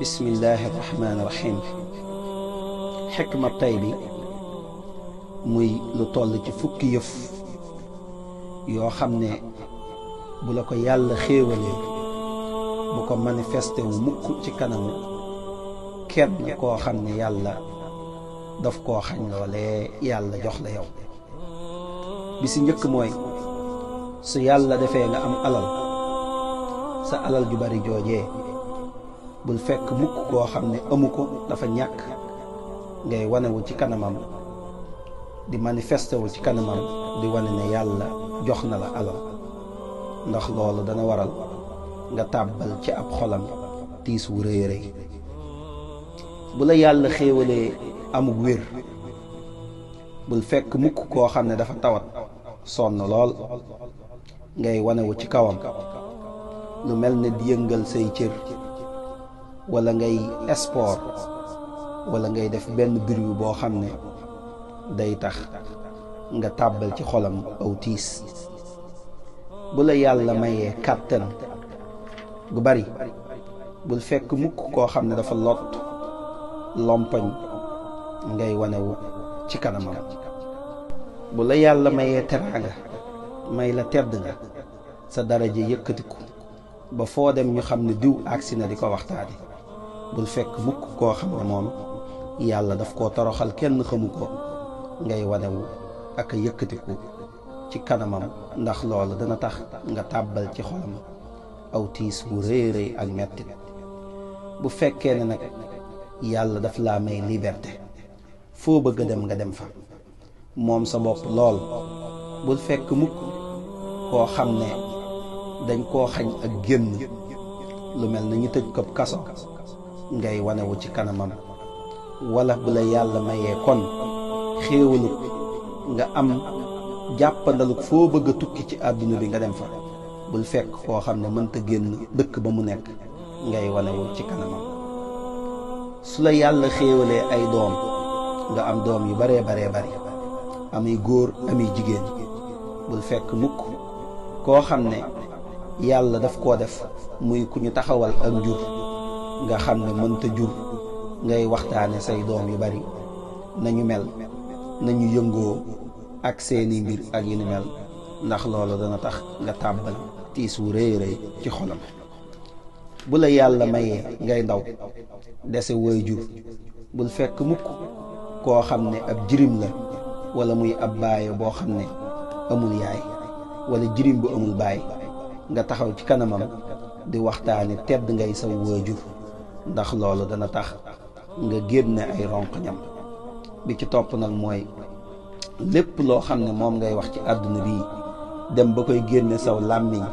بسم الله الرحمن الرحيم حكمة طيبة موي لو تول تي فوك يف يو خامني بولاكو يالا خيوالي بوكو مانيفيستي و موك كيب كو خامني يالا داف كو خاج لولي يالا يو بيسي نيك موي سو يالا أم nga am alal sa bul fekk mukk koo xam ne amu ko dafa ñàkk ngay wanewu ci kanamam di manifesté wu ci kanamam di wane ne yàlla jox na la alal ndax loolu dana waral nga tàbbal ci ab xolam tiis wu rëy rëy bu la yàlla xéewalee amug wér bul fekk mukk koo xam ne dafa tawat sonn lool ngay wanewu ci kawam lu mel ne di yëngal say cër wala ngay sport wala ngay def benn bruit boo xam ne day tax nga tàbbal ci xolam autis bu la yàlla mayee kàttan gu bari bul fekk mukk koo xam ne dafa lot lompoñ ngay wanewu ci kanamam bu la yàlla mayee teraanga may la tedd nga sa daraja yëkkatiku ba foo dem ñu xam ne diw na di ko bul fekk mukk ko xam ne yàlla daf ko toroxal kenn xamuko ngay wanewu ak ko ci kanamam ndax loolu dana tax nga tabal ci xolam aw tiis bu reere ak metti bu fekkee ne nag yàlla daf laa may liberté foo bëgg dem nga dem fa moom sa bopp lool bul fekk mukk koo xam ne dañ koo xañ ak génn lu mel na ñu tëj ko kaso ngay wanewu ci kanamam wala bu la yàlla mayee kon xéewaluk nga am jàppandaluk foo bëgg tukki ci àdduna bi nga dem fa bul fekk foo xam ne mënta génn dëkk ba mu nekk ngay wanewu ci kanamam su la yàlla xéewalee ay doom nga am doom yu baree baree bari amuy góor amuy jigéen bul fekk mukk koo xam ne yàlla daf koo def muy ku ñu taxawal ak njur nga xam ne mënta jur ngay waxtaane say doom yu bari nañu mel nañu yëngoo ak seeni mbir ak yu ni mel ndax loolu dana tax nga tàbbal tiis wu rëy rëy ci xolam bu la yàlla mayee ngay ndaw dese woy bul fekk mukk koo xam ne ab jirim la wala muy ab baayo boo xam ne amul yaay wala jirim bu amul baay nga taxaw ci kanamam di waxtaane tedd ngay sa woy jur ndax loolu dana tax nga génne ay ronq ñam bi ci topp nag mooy lépp loo xam ne moom ngay wax ci àdduna bii dem ba koy génne saw làmmiñ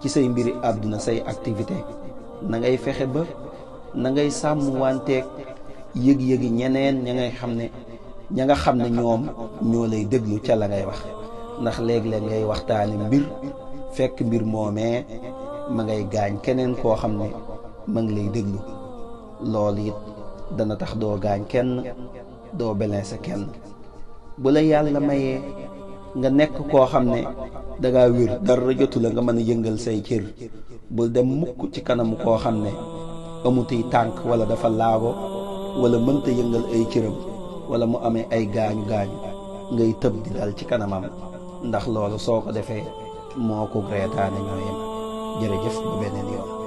ci say mbiri àdduna say activité na ngay fexe ba na ngay sàmm wanteeg yëg-yëgi ñeneen ña ngay xam ne ña nga xam ne ñoom ñoo lay déglu ca la ngay wax ndax léegi léeg ngay waxtaane mbir fekk mbir moomee ma ngay gaañ keneen koo xam ne ma lay déglu loolu it dana tax doo gaañ kenn doo blessé kenn bu la yàlla mayee nga nekk koo xam ne dangaa wér dara jotu la nga mën a yëngal say cër bul dem mukk ci kanamu koo xam ne amutuy tànk wala dafa laago wala mënta yëngal ay cëram wala mu amee ay gaañu gaañu ngay tëb di dal ci kanamam ndax loolu soo ko defee moo ko reetaane ñoo yem jërëjëf ba beneen yoon